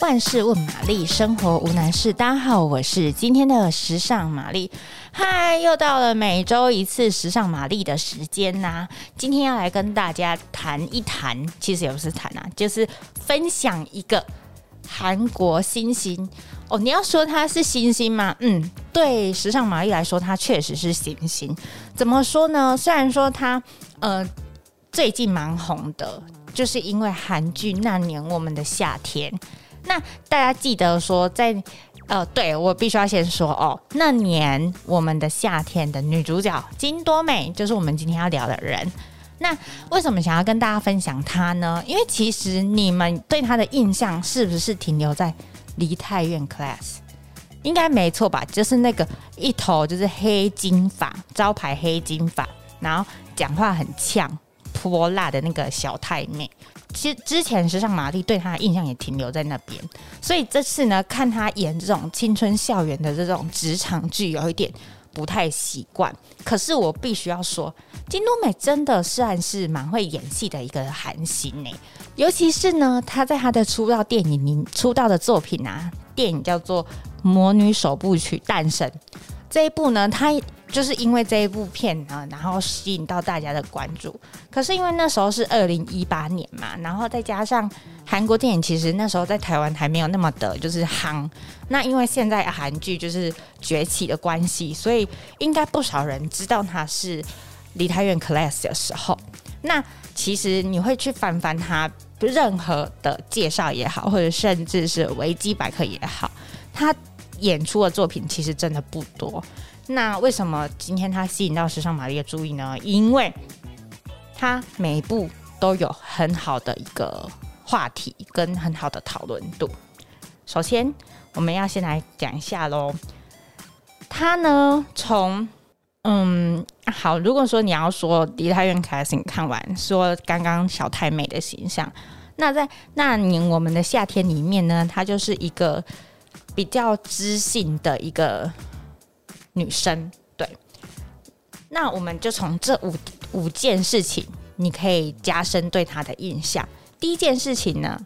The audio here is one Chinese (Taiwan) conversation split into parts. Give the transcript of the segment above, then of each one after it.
萬事問瑪麗，生活無難事。大家好，我是今天的時尚瑪麗。嗨，又到了每周一次時尚瑪麗的時間啦、啊。今天要來跟大家談一談，其實也不是談啊，就是分享一個韓國新星。哦，你要說他是星星嗎？嗯，對，時尚瑪麗來說，他確實是星星。怎麼說呢？雖然說他呃最近蠻紅的，就是因為韓劇《那年我們的夏天》。那大家記得說在，在呃，對，我必須要先說哦，那年我們的夏天的女主角金多美，就是我們今天要聊的人。那為什麼想要跟大家分享她呢？因為其實你們對她的印象是不是停留在梨泰院 class？應該沒錯吧？就是那個一頭就是黑金髮，招牌黑金髮，然後講話很嗆潑辣的那個小太妹。其實之前時尚瑪麗對她的印象也停留在那邊，所以這次呢，看她演這種青春校園的這種職場劇，有一點不太習慣。可是我必須要說，金多美真的算是蠻會演戲的一個韓星呢，欸，尤其是呢，她在她的出道電影裡出道的作品啊，電影叫做《魔女首部曲誕生》這一部呢，她。就是因為這一部片啊，然後吸引到大家的關注。可是因為那時候是二零一八年嘛，然後再加上韓國電影其實那時候在台灣還沒有那麼的，就是夯。那因為現在韓劇就是崛起的關係，所以應該不少人知道他是梨泰院 Class 的時候。那其實你會去翻翻他任何的介紹也好，或者甚至是維基百科也好，他。演出的作品其實真的不多，那為什麼今天他吸引到時尚瑪麗的注意呢？因為他每一部都有很好的一個話題跟很好的討論度。首先，我們要先來講一下嘍。他呢，從嗯，好，如果說你要說《梨泰院 Class》你看完，說剛剛小太妹的形象，那在那年我們的夏天裡面呢，他就是一個。比較知性的一個女生，對。那我們就從這五五件事情，你可以加深對她的印象。第一件事情呢，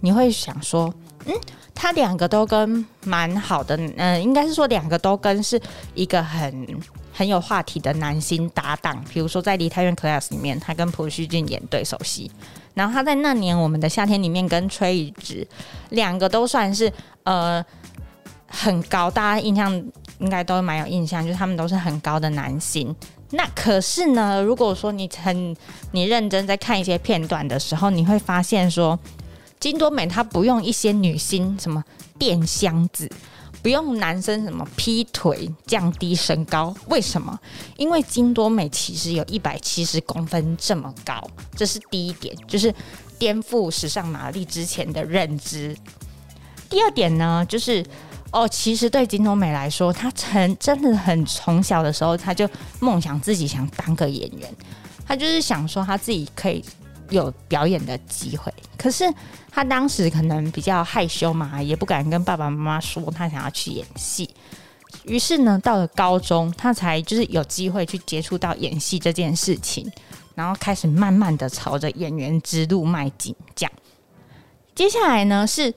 你會想說，嗯，他兩個都跟蠻好的，嗯、呃，應該是說兩個都跟是一個很很有話題的男星搭檔。比如說在《梨泰院 Class》裡面，他跟朴敘俊演對手戲。然後他在那年我們的夏天裡面跟崔宇植兩個都算是呃，很高，大家印象應該都蠻有印象，就是他們都是很高的男星。那可是呢，如果說你很你認真在看一些片段的時候，你會發現說金多美他不用一些女星什麼墊箱子。不用男生什麼劈腿，降低身高，為什麼？因為金多美其實有一百七十公分這麼高，這是第一點，就是顛覆時尚瑪麗之前的認知。第二點呢，就是哦，其實對金多美來說，她曾真的很從小的時候，她就夢想自己想當個演員，她就是想說她自己可以，有表演的機會，可是他當時可能比較害羞嘛，也不敢跟爸爸媽媽說他想要去演戲。於是呢，到了高中，他才就是有機會去接觸到演戲這件事情，然後開始慢慢的朝着演員之路邁進。這樣。接下來呢，是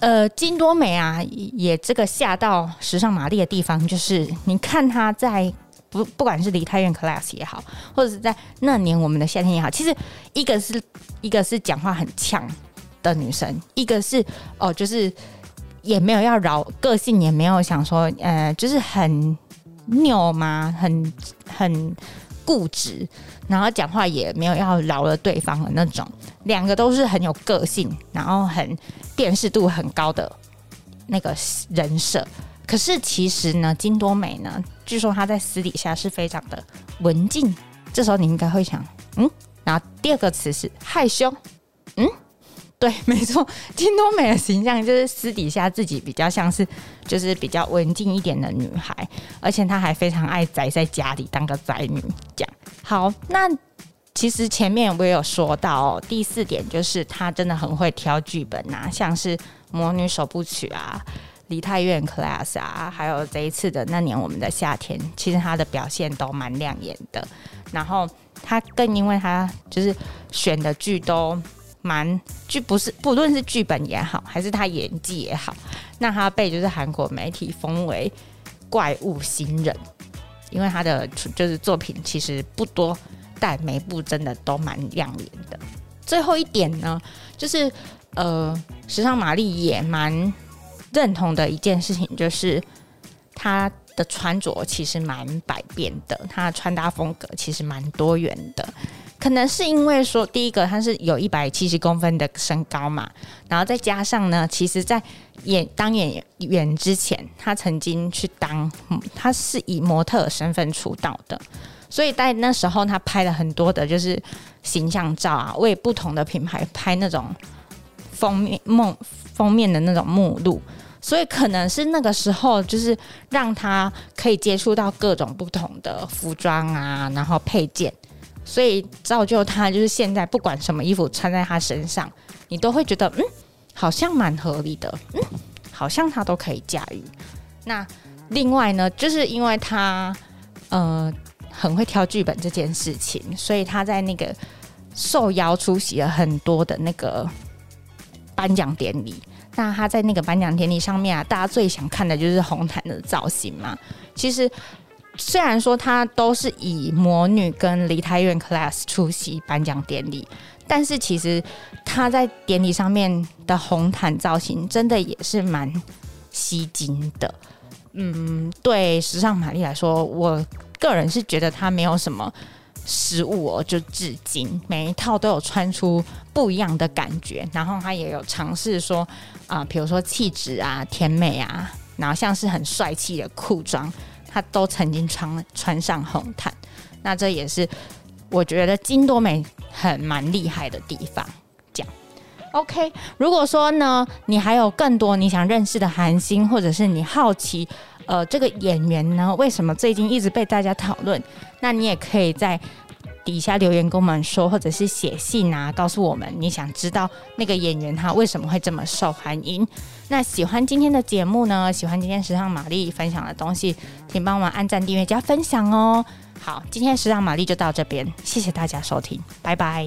呃金多美啊，也這個嚇到時尚瑪麗的地方，就是你看他在。不，不管是梨泰院 Class 也好，或者是在那年我們的夏天也好，其實一個是一個是講話很嗆的女生，一個是哦，就是也沒有要饒個性，也沒有想說呃，就是很拗嘛，很很固執，然後講話也沒有要饒了對方的那種，兩個都是很有個性，然後很辨識度很高的那個人設。可是其實呢，金多美呢，據說她在私底下是非常的文靜。這時候你應該會想，嗯，然後第二個詞是害羞，嗯，對，沒錯，金多美的形象就是私底下自己比較像是就是比較文靜一點的女孩，而且她還非常愛宅在家裡當個宅女。這樣好，那其實前面我也有說到、喔、第四點，就是她真的很會挑劇本吶、啊，像是《魔女首部曲》啊。梨泰院 class 啊，還有這一次的那年我們的夏天，其實他的表現都蠻亮眼的。然後他更因為他就是選的劇都蠻劇不是不論是劇本也好，還是他演技也好，那他被就是韓國媒體封為怪物新人，因為他的就是作品其實不多，但每部真的都蠻亮眼的。最後一點呢，就是呃，時尚瑪麗也蠻認同的一件事情就是，他的穿着其實蠻百變的，他的穿搭風格其實蠻多元的。可能是因為說，第一個他是有一百七十公分的身高嘛，然後再加上呢，其實，在演當演員之前，他曾經去當，嗯，他是以模特身份出道的，所以在那時候他拍了很多的就是形象照啊，為不同的品牌拍那種封面夢。封面的那種目錄，所以可能是那個時候，就是讓他可以接觸到各種不同的服裝啊，然後配件，所以造就他就是現在不管什麼衣服穿在他身上，你都會覺得嗯，好像蠻合理的，嗯，好像他都可以駕馭。那另外呢，就是因為他呃很會挑劇本這件事情，所以他在那個受邀出席了很多的那個。頒獎典禮，那他在那個頒獎典禮上面啊，大家最想看的就是紅毯的造型嘛。其實雖然說他都是以魔女跟梨泰院 class 出席頒獎典禮，但是其實他在典禮上面的紅毯造型真的也是蠻吸睛的。嗯，對時尚瑪麗來說，我個人是覺得他沒有什麼。食物哦，就至今每一套都有穿出不一樣的感覺，然後他也有嘗試說啊、呃，比如說氣質啊、甜美啊，然後像是很帥氣的褲裝，他都曾經穿穿上紅毯，那這也是我覺得金多美很蠻厲害的地方。OK，如果說呢，你還有更多你想認識的韓星，或者是你好奇，呃，這個演員呢，為什麼最近一直被大家討論？那你也可以在底下留言跟我們說，或者是寫信啊，告訴我們你想知道那個演員他為什麼會這麼受歡迎。那喜歡今天的節目呢，喜歡今天時尚瑪麗分享的東西，請幫忙按讚、訂閱、加分享哦。好，今天時尚瑪麗就到這邊，謝謝大家收聽，拜拜。